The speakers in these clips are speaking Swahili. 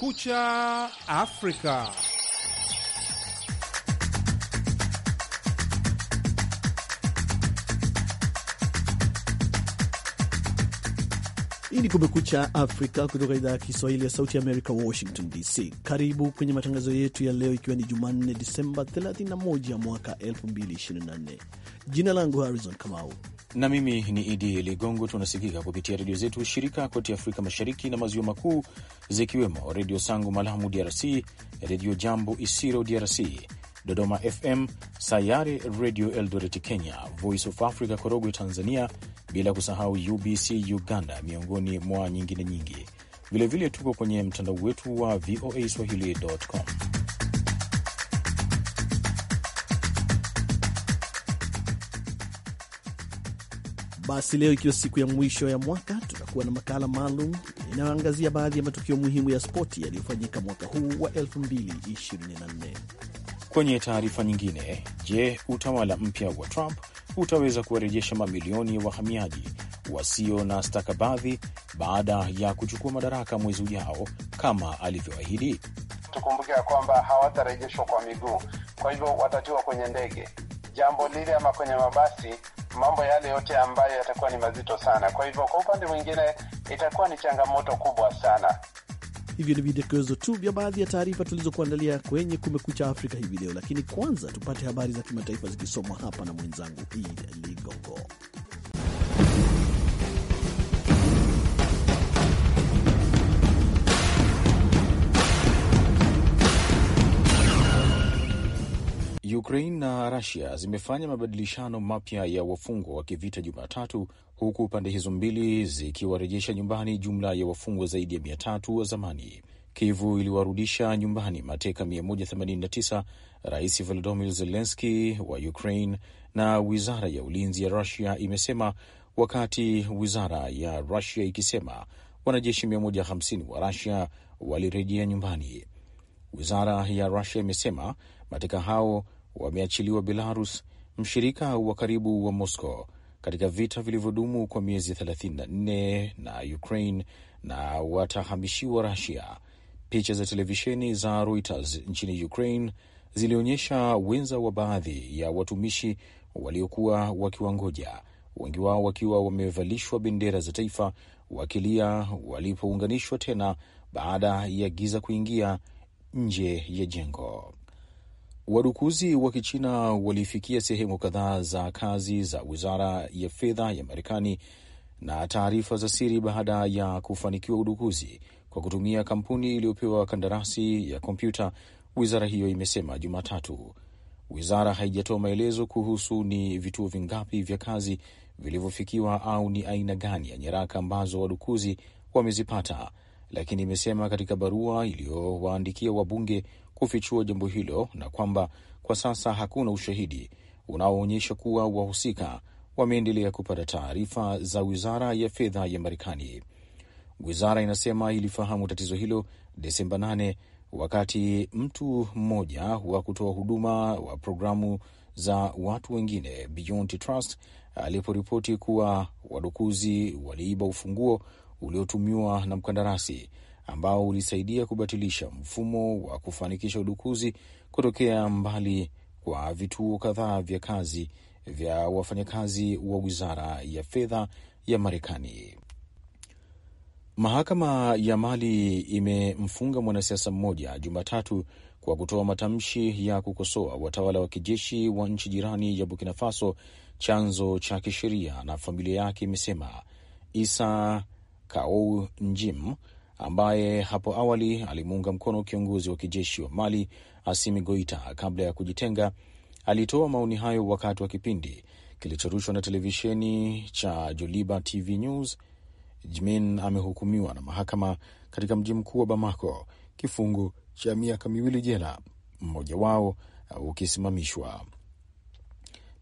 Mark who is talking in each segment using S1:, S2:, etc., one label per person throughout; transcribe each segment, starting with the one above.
S1: Kumekucha Afrika.
S2: Hii ni Kumekucha Afrika kutoka idhaa ya Kiswahili ya Sauti Amerika, Washington DC. Karibu kwenye matangazo yetu ya leo, ikiwa ni Jumanne Disemba 31 mwaka 2024. Jina langu Harrison Kamau
S3: na mimi ni Idi Ligongo. Tunasikika kupitia redio zetu shirika kote Afrika Mashariki na Maziwa Makuu, zikiwemo Redio Sangu Malamu DRC, Redio Jambo Isiro DRC, Dodoma FM, Sayare Redio Eldoret Kenya, Voice of Africa Korogwe Tanzania, bila kusahau UBC Uganda, miongoni mwa nyingine nyingi. Vilevile tuko kwenye mtandao wetu wa VOA swahili.com.
S2: Basi leo ikiwa siku ya mwisho ya mwaka, tutakuwa na makala maalum inayoangazia baadhi ya matukio muhimu ya spoti yaliyofanyika mwaka huu wa 2024.
S3: Kwenye taarifa nyingine, je, utawala mpya wa Trump utaweza kuwarejesha mamilioni ya wahamiaji wasio na stakabadhi baada ya kuchukua madaraka mwezi ujao kama alivyoahidi?
S1: Tukumbuke ya kwamba hawatarejeshwa kwa miguu, kwa hivyo watatiwa kwenye ndege, jambo lile ama kwenye mabasi mambo yale yote ambayo yatakuwa ni mazito sana. Kwa hivyo, kwa upande mwingine itakuwa ni changamoto kubwa sana.
S2: Hivyo ni vidokezo tu vya baadhi ya taarifa tulizokuandalia kwenye Kumekucha Afrika hivi leo, lakini kwanza tupate habari za kimataifa zikisomwa hapa na mwenzangu Id Ligongo.
S3: Ukraine na rasia zimefanya mabadilishano mapya ya wafungwa wa kivita Jumatatu, huku pande hizo mbili zikiwarejesha nyumbani jumla ya wafungwa zaidi ya mia tatu wa zamani. Kivu iliwarudisha nyumbani mateka 189 Rais Volodymyr Zelensky wa Ukraine na wizara ya ulinzi ya Rusia imesema, wakati wizara ya Rusia ikisema wanajeshi 150 wa Rusia walirejea nyumbani. Wizara ya Rusia imesema mateka hao wameachiliwa Belarus, mshirika wa karibu wa Moscow katika vita vilivyodumu kwa miezi 34 na Ukraine, na watahamishiwa Rusia. Picha za televisheni za Reuters nchini Ukraine zilionyesha wenza wa baadhi ya watumishi waliokuwa wakiwangoja, wengi wao wakiwa wamevalishwa bendera za taifa, wakilia walipounganishwa tena baada ya giza kuingia nje ya jengo. Wadukuzi wa Kichina walifikia sehemu kadhaa za kazi za wizara ya fedha ya Marekani na taarifa za siri baada ya kufanikiwa udukuzi kwa kutumia kampuni iliyopewa kandarasi ya kompyuta, wizara hiyo imesema Jumatatu. Wizara haijatoa maelezo kuhusu ni vituo vingapi vya kazi vilivyofikiwa au ni aina gani ya nyaraka ambazo wadukuzi wamezipata, lakini imesema katika barua iliyowaandikia wabunge kufichua jambo hilo na kwamba kwa sasa hakuna ushahidi unaoonyesha kuwa wahusika wameendelea kupata taarifa za wizara ya fedha ya Marekani. Wizara inasema ilifahamu tatizo hilo Desemba 8 wakati mtu mmoja wa kutoa huduma wa programu za watu wengine Beyond Trust aliporipoti kuwa wadukuzi waliiba ufunguo uliotumiwa na mkandarasi ambao ulisaidia kubatilisha mfumo wa kufanikisha udukuzi kutokea mbali kwa vituo kadhaa vya kazi vya wafanyakazi wa Wizara ya Fedha ya Marekani. Mahakama ya Mali imemfunga mwanasiasa mmoja Jumatatu kwa kutoa matamshi ya kukosoa watawala wa kijeshi wa nchi jirani ya Burkina Faso. Chanzo cha kisheria na familia yake imesema Isa Kaou Njim ambaye hapo awali alimuunga mkono kiongozi wa kijeshi wa Mali Asimi Goita kabla ya kujitenga. Alitoa maoni hayo wakati wa kipindi kilichorushwa na televisheni cha Joliba TV News. Jmin amehukumiwa na mahakama katika mji mkuu wa Bamako kifungo cha miaka miwili jela, mmoja wao ukisimamishwa.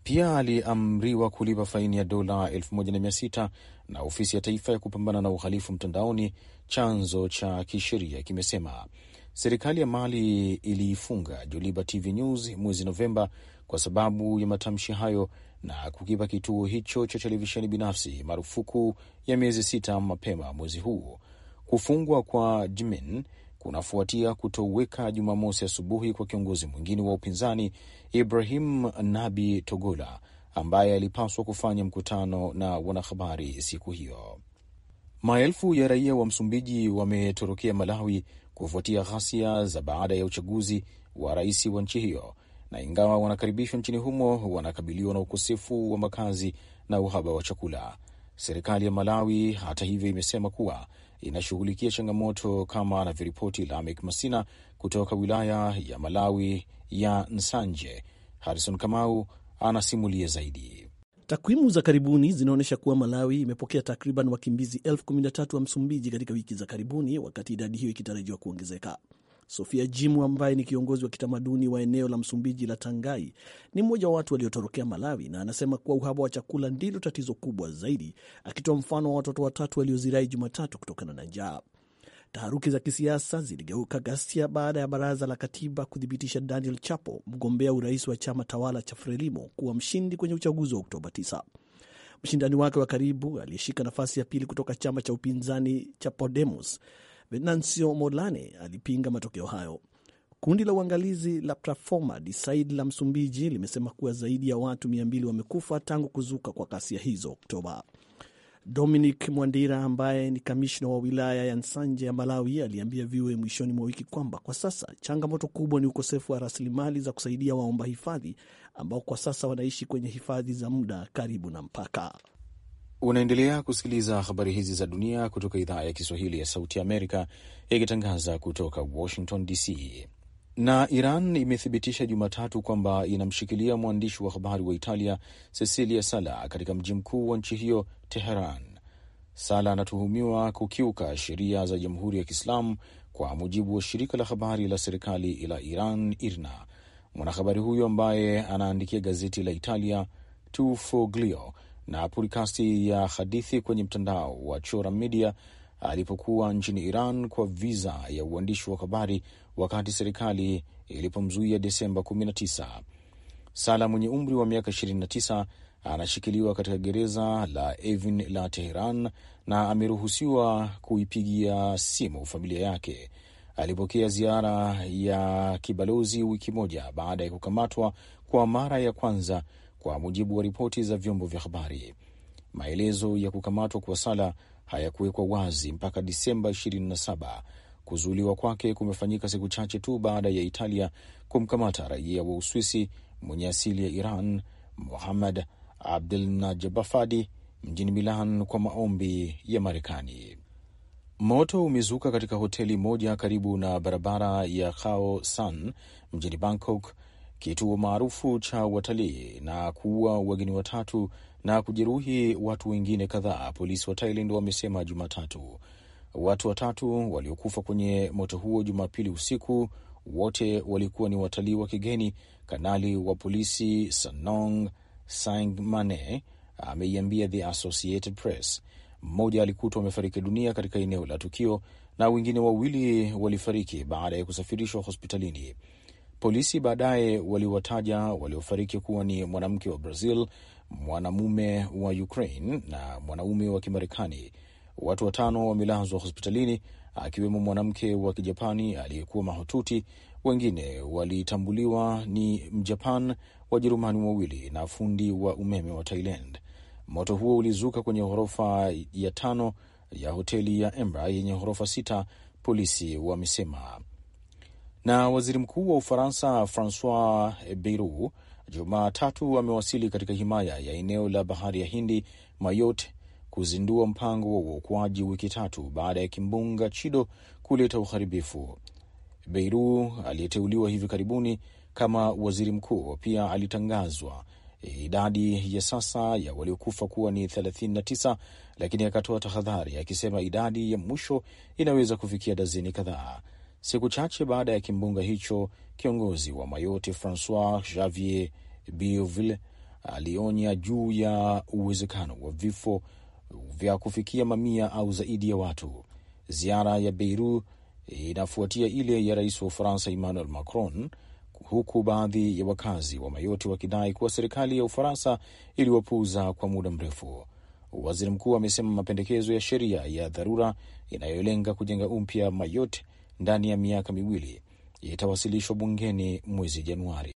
S3: Pia aliamriwa kulipa faini ya dola elfu moja na mia sita na ofisi ya taifa ya kupambana na uhalifu mtandaoni. Chanzo cha kisheria kimesema serikali ya Mali iliifunga Joliba TV News mwezi Novemba kwa sababu ya matamshi hayo na kukipa kituo hicho cha televisheni binafsi marufuku ya miezi sita mapema mwezi huu. Kufungwa kwa Jimin kunafuatia kutoweka Jumamosi asubuhi kwa kiongozi mwingine wa upinzani Ibrahim Nabi Togola ambaye alipaswa kufanya mkutano na wanahabari siku hiyo. Maelfu ya raia wa Msumbiji wametorokea Malawi kufuatia ghasia za baada ya uchaguzi wa rais wa nchi hiyo, na ingawa wanakaribishwa nchini humo, wanakabiliwa na ukosefu wa makazi na uhaba wa chakula. Serikali ya Malawi hata hivyo imesema kuwa inashughulikia changamoto kama anavyoripoti Lamek Masina kutoka wilaya ya Malawi ya Nsanje. harison Kamau anasimulia zaidi.
S2: Takwimu za karibuni zinaonyesha kuwa Malawi imepokea takriban wakimbizi elfu kumi na tatu wa Msumbiji katika wiki za karibuni, wakati idadi hiyo ikitarajiwa kuongezeka. Sofia Jimu ambaye ni kiongozi wa kitamaduni wa eneo la Msumbiji la Tangai ni mmoja wa watu waliotorokea Malawi na anasema kuwa uhaba wa chakula ndilo tatizo kubwa zaidi, akitoa mfano wa watoto watatu waliozirai Jumatatu kutokana na njaa. Taharuki za kisiasa ziligeuka ghasia baada ya baraza la katiba kuthibitisha Daniel Chapo, mgombea urais wa chama tawala cha Frelimo, kuwa mshindi kwenye uchaguzi wa Oktoba 9. Mshindani wake wa karibu aliyeshika nafasi ya pili kutoka chama cha upinzani cha Podemos, Venancio Molane, alipinga matokeo hayo. Kundi la uangalizi la Plataforma de la Msumbiji limesema kuwa zaidi ya watu 200 wamekufa tangu kuzuka kwa ghasia hizo Oktoba. Dominic Mwandira ambaye ni kamishna wa wilaya ya Nsanje ya Malawi aliambia VOA mwishoni mwa wiki kwamba kwa sasa changamoto kubwa ni ukosefu wa rasilimali za kusaidia waomba hifadhi ambao kwa sasa wanaishi kwenye hifadhi za muda karibu na mpaka.
S3: Unaendelea kusikiliza habari hizi za dunia kutoka idhaa ya Kiswahili ya Sauti ya Amerika ikitangaza kutoka Washington DC na Iran imethibitisha Jumatatu kwamba inamshikilia mwandishi wa habari wa Italia Cecilia Sala katika mji mkuu wa nchi hiyo Teheran. Sala anatuhumiwa kukiuka sheria za Jamhuri ya Kiislamu kwa mujibu wa shirika la habari la serikali la Iran, IRNA. Mwanahabari huyo ambaye anaandikia gazeti la Italia Tu na podkasti ya hadithi kwenye mtandao wa Chora Media alipokuwa nchini Iran kwa viza ya uandishi wa habari wakati serikali ilipomzuia Desemba 19. Sala mwenye umri wa miaka 29 anashikiliwa katika gereza la Evin la Teheran na ameruhusiwa kuipigia simu familia yake. Alipokea ziara ya kibalozi wiki moja baada ya kukamatwa kwa mara ya kwanza, kwa mujibu wa ripoti za vyombo vya habari. Maelezo ya kukamatwa kwa Sala hayakuwekwa wazi mpaka Disemba 27 Kuzuiliwa kwake kumefanyika siku chache tu baada ya Italia kumkamata raia wa Uswisi mwenye asili ya Iran, Muhammad najabafadi mjini Milan kwa maombi ya Marekani. Moto umezuka katika hoteli moja karibu na barabara ya Khao San mjini Bangkok, kituo maarufu cha watalii, na kuua wageni watatu na kujeruhi watu wengine kadhaa, polisi wa Thailand wamesema Jumatatu. Watu watatu waliokufa kwenye moto huo Jumapili usiku wote walikuwa ni watalii wa kigeni. Kanali wa polisi Sanong Sangmane ameiambia The Associated Press. Mmoja alikutwa amefariki dunia katika eneo la tukio na wengine wawili walifariki baada ya kusafirishwa hospitalini. Polisi baadaye waliwataja waliofariki kuwa ni mwanamke wa Brazil, mwanamume wa Ukraine na mwanaume wa Kimarekani. Watu watano wamelazwa hospitalini akiwemo mwanamke wa Kijapani aliyekuwa mahututi. Wengine walitambuliwa ni Mjapan, Wajerumani wawili na fundi wa umeme wa Thailand. Moto huo ulizuka kwenye ghorofa ya tano ya hoteli ya Embra yenye ghorofa sita, polisi wamesema. Na waziri mkuu wa Ufaransa Francois Bayrou Jumatatu amewasili katika himaya ya eneo la bahari ya Hindi Mayotte kuzindua mpango wa uokoaji wiki tatu baada ya kimbunga Chido kuleta uharibifu. Beiru aliyeteuliwa hivi karibuni kama waziri mkuu pia alitangazwa e, idadi ya sasa ya waliokufa kuwa ni 39 lakini akatoa tahadhari akisema idadi ya mwisho inaweza kufikia dazini kadhaa. Siku chache baada ya kimbunga hicho, kiongozi wa Mayotte Francois Xavier Bieuville alionya juu ya uwezekano wa vifo vya kufikia mamia au zaidi ya watu. Ziara ya Beiru inafuatia ile ya rais wa Ufaransa Emmanuel Macron, huku baadhi ya wakazi wa Mayoti wakidai kuwa serikali ya Ufaransa iliwapuuza kwa muda mrefu. Waziri mkuu amesema mapendekezo ya sheria ya dharura inayolenga kujenga upya Mayot ndani ya miaka miwili itawasilishwa bungeni mwezi Januari.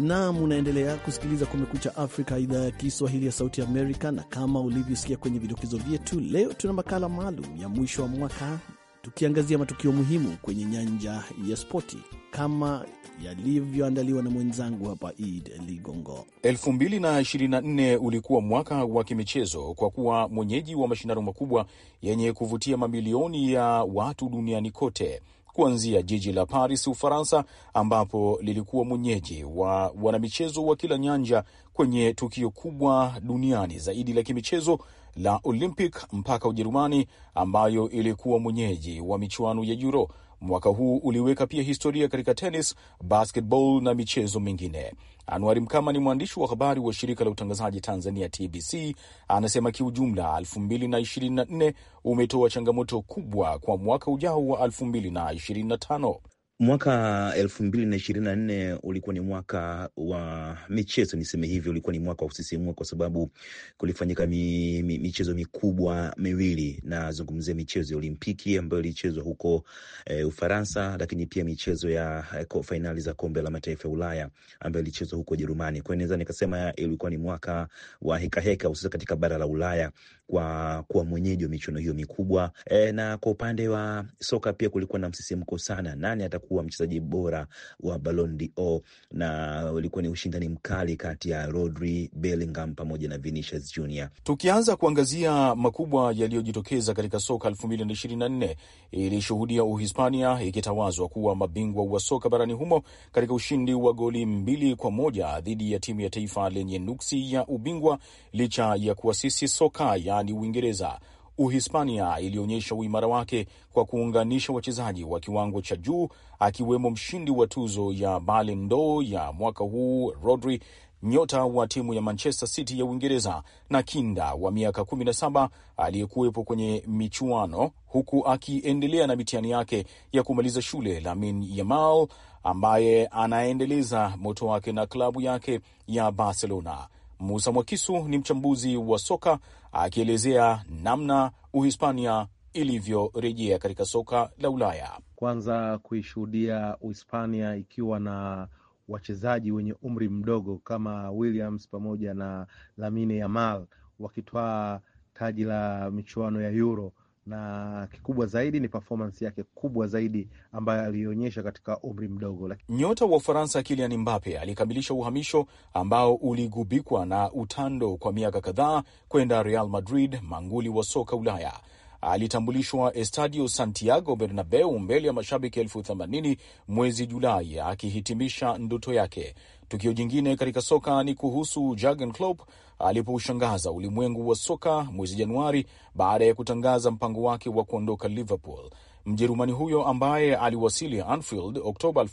S2: na unaendelea kusikiliza Kumekucha Afrika, idhaa ya Kiswahili ya Sauti Amerika, na kama ulivyosikia kwenye vidokezo vyetu, leo tuna makala maalum ya mwisho wa mwaka tukiangazia matukio muhimu kwenye nyanja ya spoti kama yalivyoandaliwa na mwenzangu hapa Id Ligongo.
S3: 2024 ulikuwa mwaka wa kimichezo kwa kuwa mwenyeji wa mashindano makubwa yenye kuvutia mamilioni ya watu duniani kote kuanzia jiji la Paris, Ufaransa, ambapo lilikuwa mwenyeji wa wanamichezo wa kila nyanja kwenye tukio kubwa duniani zaidi la kimichezo la Olympic mpaka Ujerumani ambayo ilikuwa mwenyeji wa michuano ya Euro. Mwaka huu uliweka pia historia katika tenis, basketball na michezo mingine. Anuari Mkama ni mwandishi wa habari wa shirika la utangazaji Tanzania TBC, anasema kiujumla 2024 umetoa changamoto kubwa kwa mwaka ujao wa 2025.
S1: Mwaka elfu mbili na ishirini na nne ulikuwa ni mwaka wa michezo, niseme hivyo. Ulikuwa ni mwaka wa kusisimua kwa sababu kulifanyika mi, mi, michezo mikubwa miwili. Nazungumzia michezo ya Olimpiki ambayo ilichezwa huko e, Ufaransa, lakini pia michezo ya e, eh, fainali za kombe la mataifa ya Ulaya ambayo ilichezwa huko jerumani Kwa hiyo naweza nikasema ilikuwa ni mwaka wa hekaheka, hususa katika bara la Ulaya kwa kuwa mwenyeji wa michuano hiyo mikubwa. E, na kwa upande wa soka pia kulikuwa na msisimko sana, nani atakuwa mchezaji bora wa Ballon d'Or, na ulikuwa ni ushindani mkali kati ya Rodri, Bellingham pamoja na Vinicius Jr. Tukianza kuangazia makubwa yaliyojitokeza
S3: katika soka elfu mbili na ishirini na nne ilishuhudia Uhispania ikitawazwa kuwa mabingwa wa soka barani humo katika ushindi wa goli mbili kwa moja dhidi ya timu ya taifa lenye nuksi ya ubingwa licha ya kuasisi soka ya yaani Uingereza. Uhispania ilionyesha uimara wake kwa kuunganisha wachezaji wa kiwango cha juu akiwemo mshindi wa tuzo ya Ballon d'Or ya mwaka huu Rodri, nyota wa timu ya Manchester City ya Uingereza na kinda wa miaka 17 aliyekuwepo kwenye michuano huku akiendelea na mitihani yake ya kumaliza shule, Lamine Yamal ambaye anaendeleza moto wake na klabu yake ya Barcelona. Musa Mwakisu ni mchambuzi wa soka akielezea namna Uhispania ilivyorejea katika soka la Ulaya.
S1: Kwanza kuishuhudia Uhispania ikiwa na wachezaji wenye umri mdogo kama Williams pamoja na Lamine Yamal wakitwaa taji la michuano ya Euro na kikubwa zaidi ni performance yake kubwa zaidi ambayo aliyoonyesha katika umri mdogo.
S3: Nyota wa Ufaransa Kylian Mbappe alikamilisha uhamisho ambao uligubikwa na utando kwa miaka kadhaa kwenda Real Madrid, manguli wa soka Ulaya. Alitambulishwa Estadio Santiago Bernabeu mbele ya mashabiki elfu themanini mwezi Julai, akihitimisha ndoto yake. Tukio jingine katika soka ni kuhusu Jurgen Klopp alipoushangaza ulimwengu wa soka mwezi Januari baada ya kutangaza mpango wake wa kuondoka Liverpool. Mjerumani huyo ambaye aliwasili Anfield Oktoba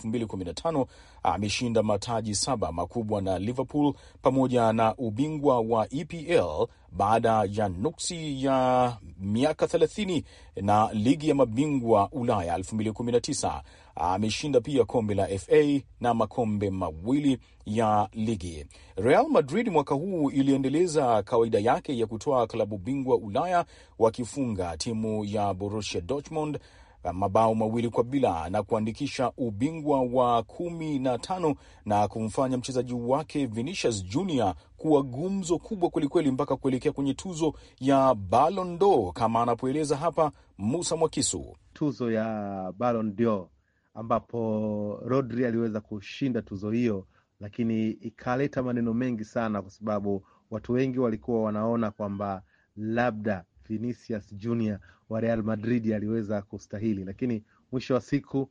S3: ameshinda mataji saba makubwa na Liverpool pamoja na ubingwa wa EPL baada ya nuksi ya miaka 30 na ligi ya mabingwa Ulaya 2019. Ameshinda pia kombe la FA na makombe mawili ya ligi. Real Madrid mwaka huu iliendeleza kawaida yake ya kutoa klabu bingwa Ulaya wakifunga timu ya Borussia Dortmund mabao mawili kwa bila na kuandikisha ubingwa wa kumi na tano na kumfanya mchezaji wake Vinicius Junior kuwa gumzo kubwa kwelikweli mpaka kuelekea kwenye tuzo ya Ballon d'Or kama anapoeleza
S1: hapa Musa Mwakisu. Tuzo ya Ballon d'Or ambapo Rodri aliweza kushinda tuzo hiyo, lakini ikaleta maneno mengi sana, kwa sababu watu wengi walikuwa wanaona kwamba labda Vinicius Junior wa Real Madrid aliweza kustahili, lakini mwisho wa siku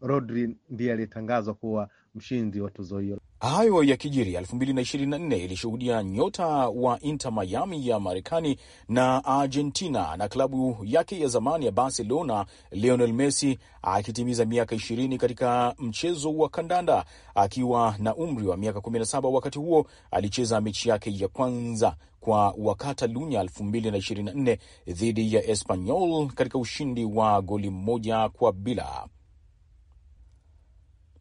S1: Rodri ndiye aliyetangazwa kuwa mshindi wa tuzo hiyo. Hayo ya kijiri
S3: 2024 ilishuhudia nyota wa Inter Miami ya Marekani na Argentina na klabu yake ya zamani ya Barcelona Lionel Messi akitimiza miaka 20 katika mchezo wa kandanda akiwa na umri wa miaka 17. Wakati huo alicheza mechi yake ya kwanza kwa Wakatalunya 2024 dhidi ya Espanyol katika ushindi wa goli moja kwa bila.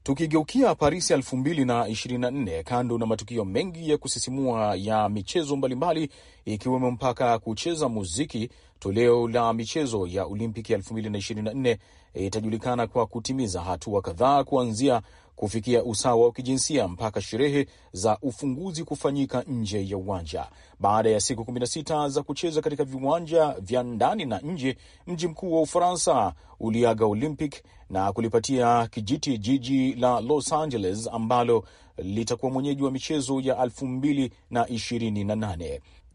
S3: Tukigeukia Paris 2024, kando na matukio mengi ya kusisimua ya michezo mbalimbali ikiwemo mpaka kucheza muziki, toleo la michezo ya Olimpiki 2024 itajulikana kwa kutimiza hatua kadhaa kuanzia kufikia usawa wa kijinsia mpaka sherehe za ufunguzi kufanyika nje ya uwanja. Baada ya siku 16 za kucheza katika viwanja vya ndani na nje, mji mkuu wa Ufaransa uliaga Olympic na kulipatia kijiti jiji la Los Angeles ambalo litakuwa mwenyeji wa michezo ya elfu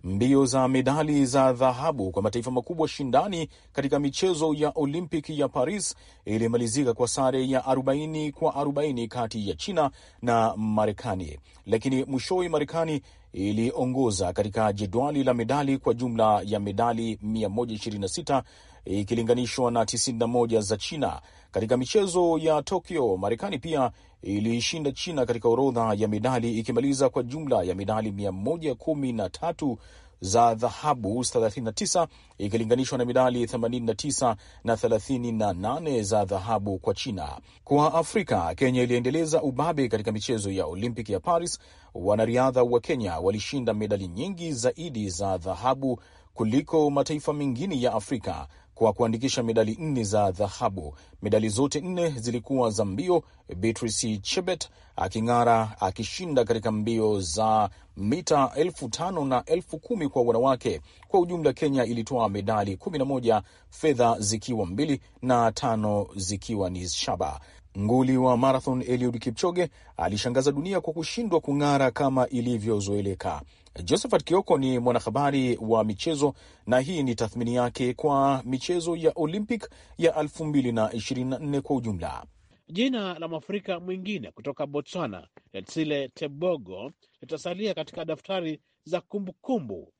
S3: Mbio za medali za dhahabu kwa mataifa makubwa shindani katika michezo ya olimpic ya Paris ilimalizika kwa sare ya 40 kwa 40 kati ya China na Marekani, lakini mwishowe Marekani iliongoza katika jedwali la medali kwa jumla ya medali 126 ikilinganishwa na 91 za China. Katika michezo ya Tokyo, Marekani pia iliishinda China katika orodha ya medali ikimaliza kwa jumla ya medali 113 za dhahabu 39 ikilinganishwa na medali 89 na 38 za dhahabu kwa China. Kwa Afrika, Kenya iliendeleza ubabe katika michezo ya Olympic ya Paris. Wanariadha wa Kenya walishinda medali nyingi zaidi za dhahabu kuliko mataifa mengine ya Afrika kwa kuandikisha medali nne za dhahabu. Medali zote nne zilikuwa za mbio, Beatrice Chebet aking'ara akishinda katika mbio za mita elfu tano na elfu kumi kwa wanawake. Kwa ujumla, Kenya ilitoa medali kumi na moja, fedha zikiwa mbili na tano zikiwa ni shaba. Nguli wa marathon Eliud Kipchoge alishangaza dunia kwa kushindwa kung'ara kama ilivyozoeleka. Josephat Kioko ni mwanahabari wa michezo na hii ni tathmini yake kwa michezo ya Olympic ya 2024 kwa
S1: ujumla. Jina la mwafrika mwingine kutoka Botswana, Letsile Tebogo, litasalia katika daftari za kumbukumbu,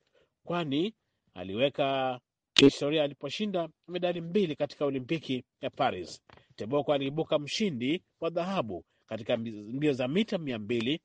S1: kwani aliweka historia aliposhinda medali mbili katika Olimpiki ya Paris. Tebogo aliibuka mshindi wa dhahabu katika mbio za mita mia mbili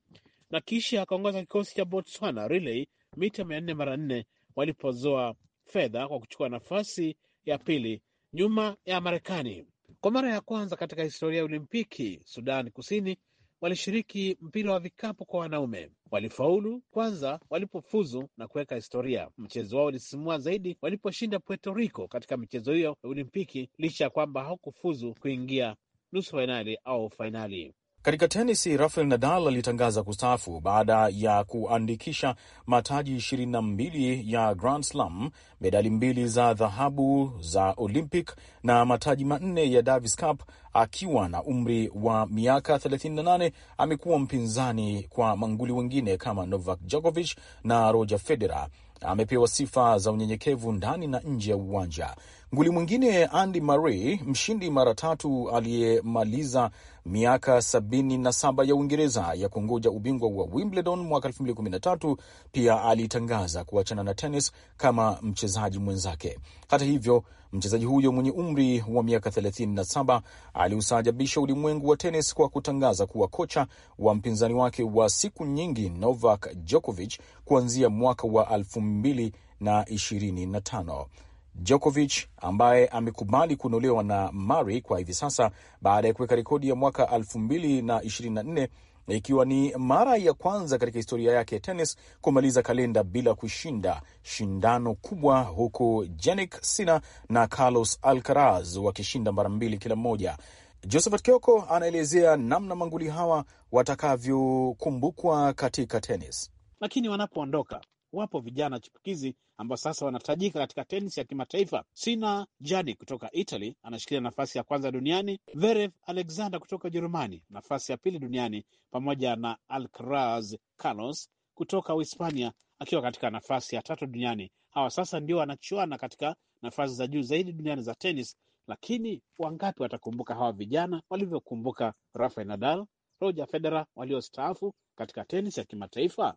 S1: na kisha akaongoza kikosi cha Botswana relay mita mia nne mara nne walipozoa fedha kwa kuchukua nafasi ya pili nyuma ya Marekani. Kwa mara ya kwanza katika historia ya Olimpiki, Sudan Kusini walishiriki mpira wa vikapu kwa wanaume. Walifaulu kwanza walipofuzu na kuweka historia. Mchezo wao ulisisimua zaidi waliposhinda Puerto Rico katika michezo hiyo ya Olimpiki, licha ya kwamba hawakufuzu kuingia nusu fainali au fainali.
S3: Katika tenisi, Rafael Nadal alitangaza kustaafu baada ya kuandikisha mataji 22 ya Grand Slam, medali mbili za dhahabu za Olympic na mataji manne ya Davis Cup. Akiwa na umri wa miaka 38, amekuwa mpinzani kwa manguli wengine kama Novak Djokovic na Roger Federer. Amepewa sifa za unyenyekevu ndani na nje ya uwanja. Nguli mwingine Andy Murray, mshindi mara tatu aliyemaliza miaka 77 ya Uingereza ya kungoja ubingwa wa Wimbledon mwaka elfu pia alitangaza kuachana na tenis kama mchezaji mwenzake. Hata hivyo, mchezaji huyo mwenye umri wa miaka 37 aliusajabisha ulimwengu wa tenis kwa kutangaza kuwa kocha wa mpinzani wake wa siku nyingi Novak Djokovic kuanzia mwaka wa elfu na Djokovic ambaye amekubali kuondolewa na Murray kwa hivi sasa baada ya kuweka rekodi ya mwaka 2024 ikiwa ni mara ya kwanza katika historia yake ya tenis kumaliza kalenda bila kushinda shindano kubwa, huku Jannik Sinner na Carlos Alcaraz wakishinda mara mbili kila mmoja. Josephat Kioko anaelezea namna manguli hawa watakavyokumbukwa katika tenis.
S1: Lakini wanapoondoka wapo vijana chipukizi ambao sasa wanatajika katika tenisi ya kimataifa. Sina Jani kutoka Italy anashikilia nafasi ya kwanza duniani, Verev Alexander kutoka Ujerumani nafasi ya pili duniani, pamoja na Alcaraz Carlos kutoka Uhispania akiwa katika nafasi ya tatu duniani. Hawa sasa ndio wanachuana katika nafasi za juu zaidi duniani za tenis, lakini wangapi watakumbuka hawa vijana walivyokumbuka Rafael Nadal, Roger Federer waliostaafu katika tenis ya kimataifa?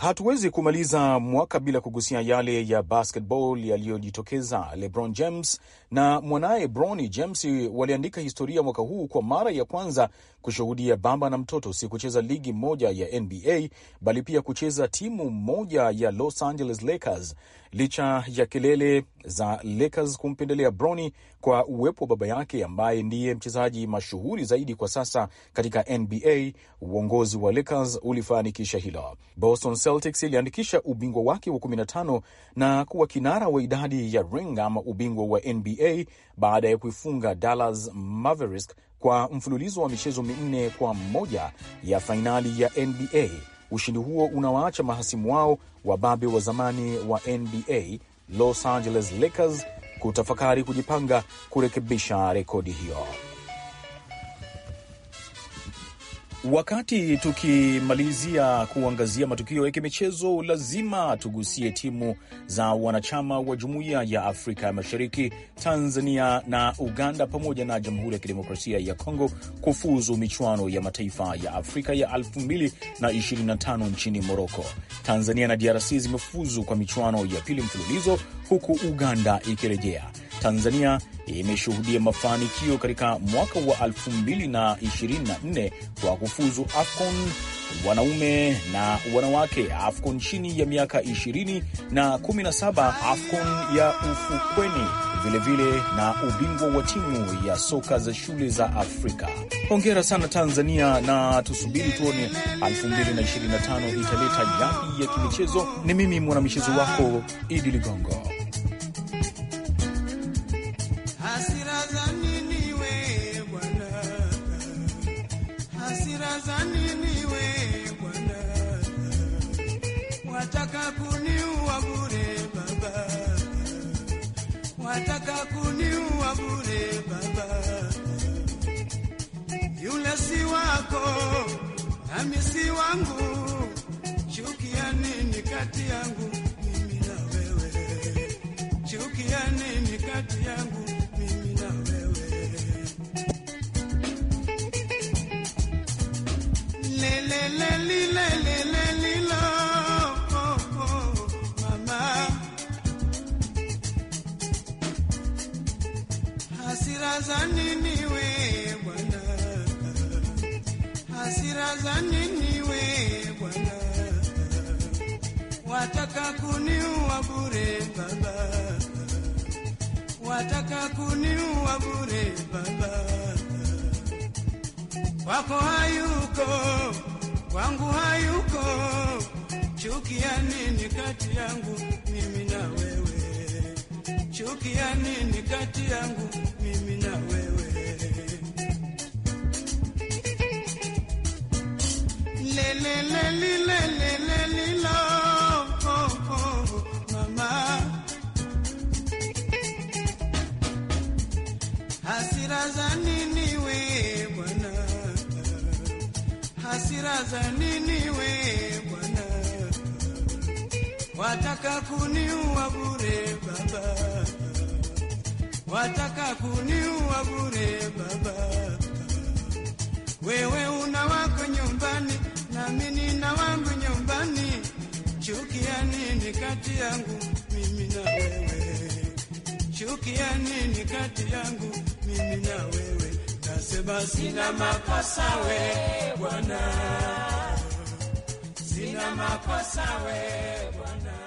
S4: Hatuwezi kumaliza
S3: mwaka bila kugusia yale ya basketball yaliyojitokeza. LeBron James na mwanaye Bronny James waliandika historia mwaka huu kwa mara ya kwanza kushuhudia baba na mtoto si kucheza ligi moja ya NBA bali pia kucheza timu moja ya Los Angeles Lakers. Licha ya kelele za Lakers kumpendelea Bronny kwa uwepo wa baba yake ambaye ndiye mchezaji mashuhuri zaidi kwa sasa katika NBA, uongozi wa Lakers ulifanikisha hilo. Boston Celtics iliandikisha ubingwa wake wa 15 na kuwa kinara wa idadi ya ring ama ubingwa wa NBA baada ya kuifunga Dallas Mavericks kwa mfululizo wa michezo minne kwa moja ya fainali ya NBA. Ushindi huo unawaacha mahasimu wao wababe wa zamani wa NBA Los Angeles Lakers kutafakari kujipanga kurekebisha rekodi hiyo. Wakati tukimalizia kuangazia matukio ya kimichezo, lazima tugusie timu za wanachama wa jumuiya ya Afrika ya Mashariki, Tanzania na Uganda pamoja na Jamhuri ya Kidemokrasia ya Kongo kufuzu michuano ya mataifa ya Afrika ya 2025 nchini Moroko. Tanzania na DRC zimefuzu kwa michuano ya pili mfululizo, huku Uganda ikirejea. Tanzania imeshuhudia mafanikio katika mwaka wa 2024 kwa kufuzu AFCON wanaume na wanawake, AFCON chini ya miaka 20 na 17, AFCON ya ufukweni, vilevile na ubingwa wa timu ya soka za shule za Afrika. Hongera sana Tanzania, na tusubiri tuone 2025 italeta yapi ya kimichezo. Ni mimi mwanamichezo wako Idi Ligongo.
S5: wako Hamisi wangu, chuki ya nini kati yangu mimi na wewe? Chuki ya nini kati yangu mimi na wewe? lele lele oh, oh, za nini wewe? hasira za nini we Bwana, wataka kuniua bure baba, wataka kuniua bure baba, wako hayuko kwangu hayuko, chuki ya nini kati yangu mimi na wewe, chuki ya nini kati yangu Za nini we bwana, wataka kuniua bure baba, wataka kuniua bure baba, wewe una wako nyumbani mimi na wangu nyumbani, nini kati yangu mimi na wewe? nini kati yangu mimi na wewe? Nasema sina makosa we Bwana, sina makosa we Bwana.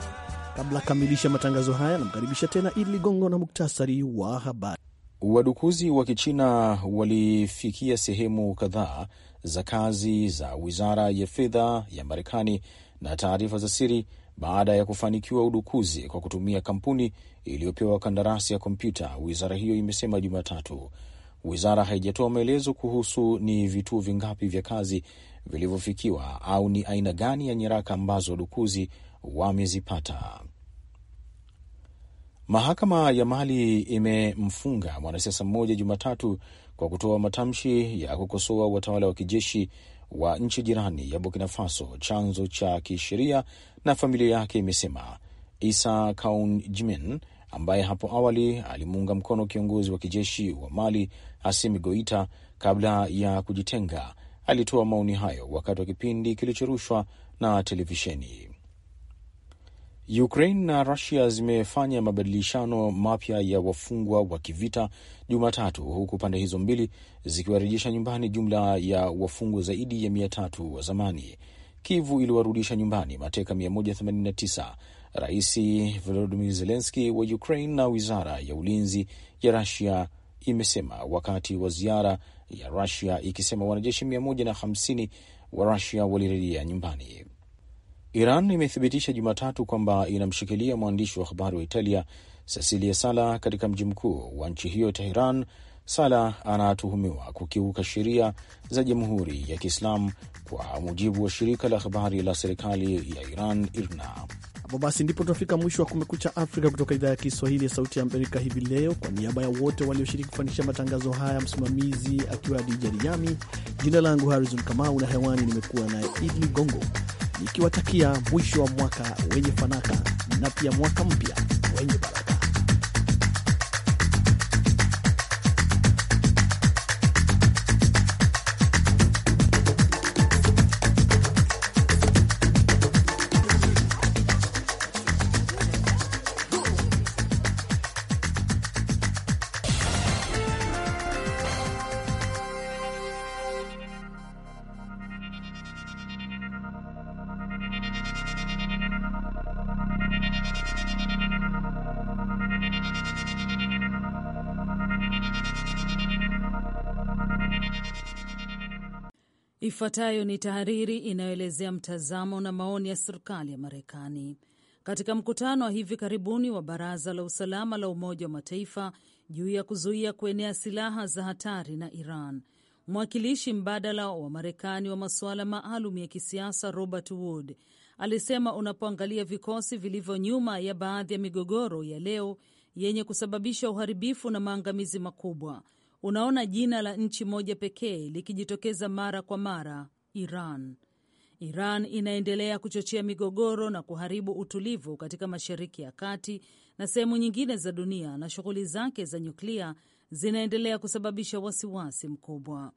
S2: Kabla kamilisha matangazo haya, namkaribisha tena ili Ligongo na muktasari wa habari.
S3: Wadukuzi wa Kichina walifikia sehemu kadhaa za kazi za wizara ya fedha ya Marekani na taarifa za siri baada ya kufanikiwa udukuzi kwa kutumia kampuni iliyopewa kandarasi ya kompyuta, wizara hiyo imesema Jumatatu. Wizara haijatoa maelezo kuhusu ni vituo vingapi vya kazi vilivyofikiwa au ni aina gani ya nyaraka ambazo wadukuzi wamezipata. Mahakama ya Mali imemfunga mwanasiasa mmoja Jumatatu kwa kutoa matamshi ya kukosoa watawala wa kijeshi wa nchi jirani ya Burkina Faso. Chanzo cha kisheria na familia yake imesema Isa Kaun Jimin ambaye hapo awali alimuunga mkono kiongozi wa kijeshi wa Mali Asimi Goita kabla ya kujitenga alitoa maoni hayo wakati wa kipindi kilichorushwa na televisheni. Ukraine na Rusia zimefanya mabadilishano mapya ya wafungwa wa kivita Jumatatu, huku pande hizo mbili zikiwarejesha nyumbani jumla ya wafungwa zaidi ya mia tatu wa zamani. Kivu iliwarudisha nyumbani mateka 189. Rais Volodimir Zelenski wa Ukraine na wizara ya ulinzi ya Rusia imesema wakati wa ziara ya Rusia, ikisema wanajeshi 150 wa Rusia walirejea nyumbani. Iran imethibitisha Jumatatu kwamba inamshikilia mwandishi wa habari wa Italia Cecilia Sala katika mji mkuu wa nchi hiyo Teheran. Sala anatuhumiwa kukiuka sheria za Jamhuri ya Kiislamu kwa mujibu wa shirika la habari la serikali ya Iran IRNA.
S2: Hapo basi ndipo tunafika mwisho wa Kumekucha Afrika kutoka idhaa ya Kiswahili ya Sauti ya Amerika hivi leo. Kwa niaba ya wote walioshiriki kufanikisha matangazo haya, msimamizi akiwa Adija Riami, jina langu Harizon Kamau na hewani nimekuwa naye Idli Gongo nikiwatakia mwisho wa mwaka wenye fanaka na pia mwaka mpya wenye baraka.
S4: Ifuatayo ni tahariri inayoelezea mtazamo na maoni ya serikali ya Marekani. Katika mkutano wa hivi karibuni wa Baraza la Usalama la Umoja wa Mataifa juu ya kuzuia kuenea silaha za hatari na Iran, mwakilishi mbadala wa Marekani wa masuala maalum ya kisiasa Robert Wood alisema, unapoangalia vikosi vilivyo nyuma ya baadhi ya migogoro ya leo yenye kusababisha uharibifu na maangamizi makubwa unaona jina la nchi moja pekee likijitokeza mara kwa mara, Iran. Iran inaendelea kuchochea migogoro na kuharibu utulivu katika Mashariki ya Kati na sehemu nyingine za dunia, na shughuli zake za nyuklia zinaendelea kusababisha wasiwasi mkubwa.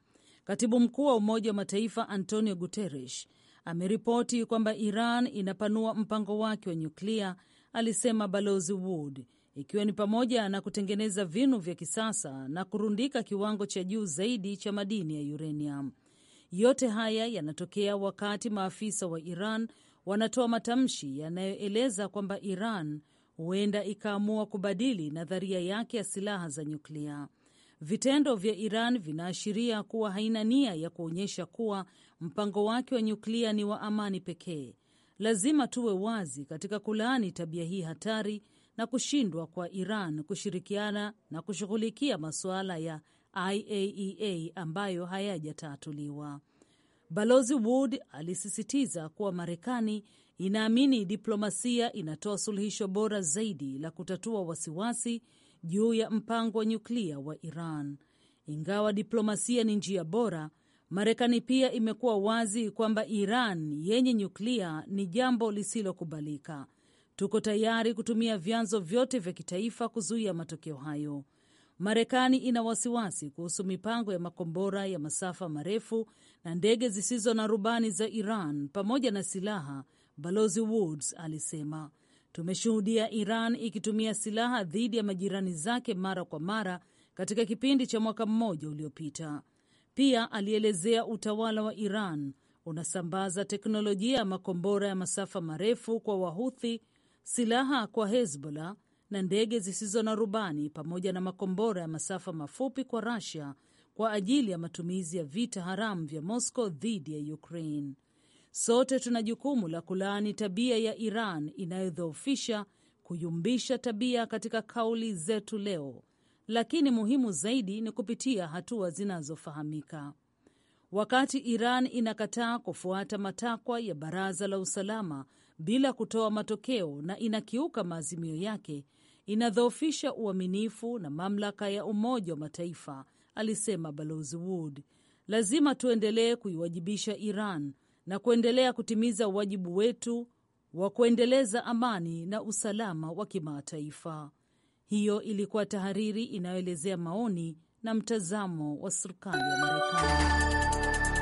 S4: Katibu mkuu wa Umoja wa Mataifa Antonio Guterres ameripoti kwamba Iran inapanua mpango wake wa nyuklia, alisema Balozi Wood, ikiwa ni pamoja na kutengeneza vinu vya kisasa na kurundika kiwango cha juu zaidi cha madini ya uranium. Yote haya yanatokea wakati maafisa wa Iran wanatoa matamshi yanayoeleza kwamba Iran huenda ikaamua kubadili nadharia yake ya silaha za nyuklia. Vitendo vya Iran vinaashiria kuwa haina nia ya kuonyesha kuwa mpango wake wa nyuklia ni wa amani pekee. Lazima tuwe wazi katika kulaani tabia hii hatari na kushindwa kwa Iran kushirikiana na kushughulikia masuala ya IAEA e ambayo hayajatatuliwa. Balozi Wood alisisitiza kuwa Marekani inaamini diplomasia inatoa suluhisho bora zaidi la kutatua wasiwasi juu ya mpango wa nyuklia wa Iran. Ingawa diplomasia ni njia bora, Marekani pia imekuwa wazi kwamba Iran yenye nyuklia ni jambo lisilokubalika Tuko tayari kutumia vyanzo vyote vya kitaifa kuzuia matokeo hayo. Marekani ina wasiwasi kuhusu mipango ya makombora ya masafa marefu na ndege zisizo na rubani za Iran pamoja na silaha, Balozi Woods alisema. Tumeshuhudia Iran ikitumia silaha dhidi ya majirani zake mara kwa mara katika kipindi cha mwaka mmoja uliopita. Pia alielezea utawala wa Iran unasambaza teknolojia ya makombora ya masafa marefu kwa Wahuthi silaha kwa Hezbollah na ndege zisizo na rubani pamoja na makombora ya masafa mafupi kwa Russia kwa ajili ya matumizi ya vita haramu vya Moscow dhidi ya Ukraine. Sote tuna jukumu la kulaani tabia ya Iran inayodhoofisha, kuyumbisha tabia katika kauli zetu leo, lakini muhimu zaidi ni kupitia hatua zinazofahamika. Wakati Iran inakataa kufuata matakwa ya Baraza la Usalama bila kutoa matokeo na inakiuka maazimio yake, inadhoofisha uaminifu na mamlaka ya Umoja wa Mataifa, alisema Balozi Wood. Lazima tuendelee kuiwajibisha Iran na kuendelea kutimiza wajibu wetu wa kuendeleza amani na usalama wa kimataifa. Hiyo ilikuwa tahariri inayoelezea maoni na mtazamo wa serikali ya Marekani.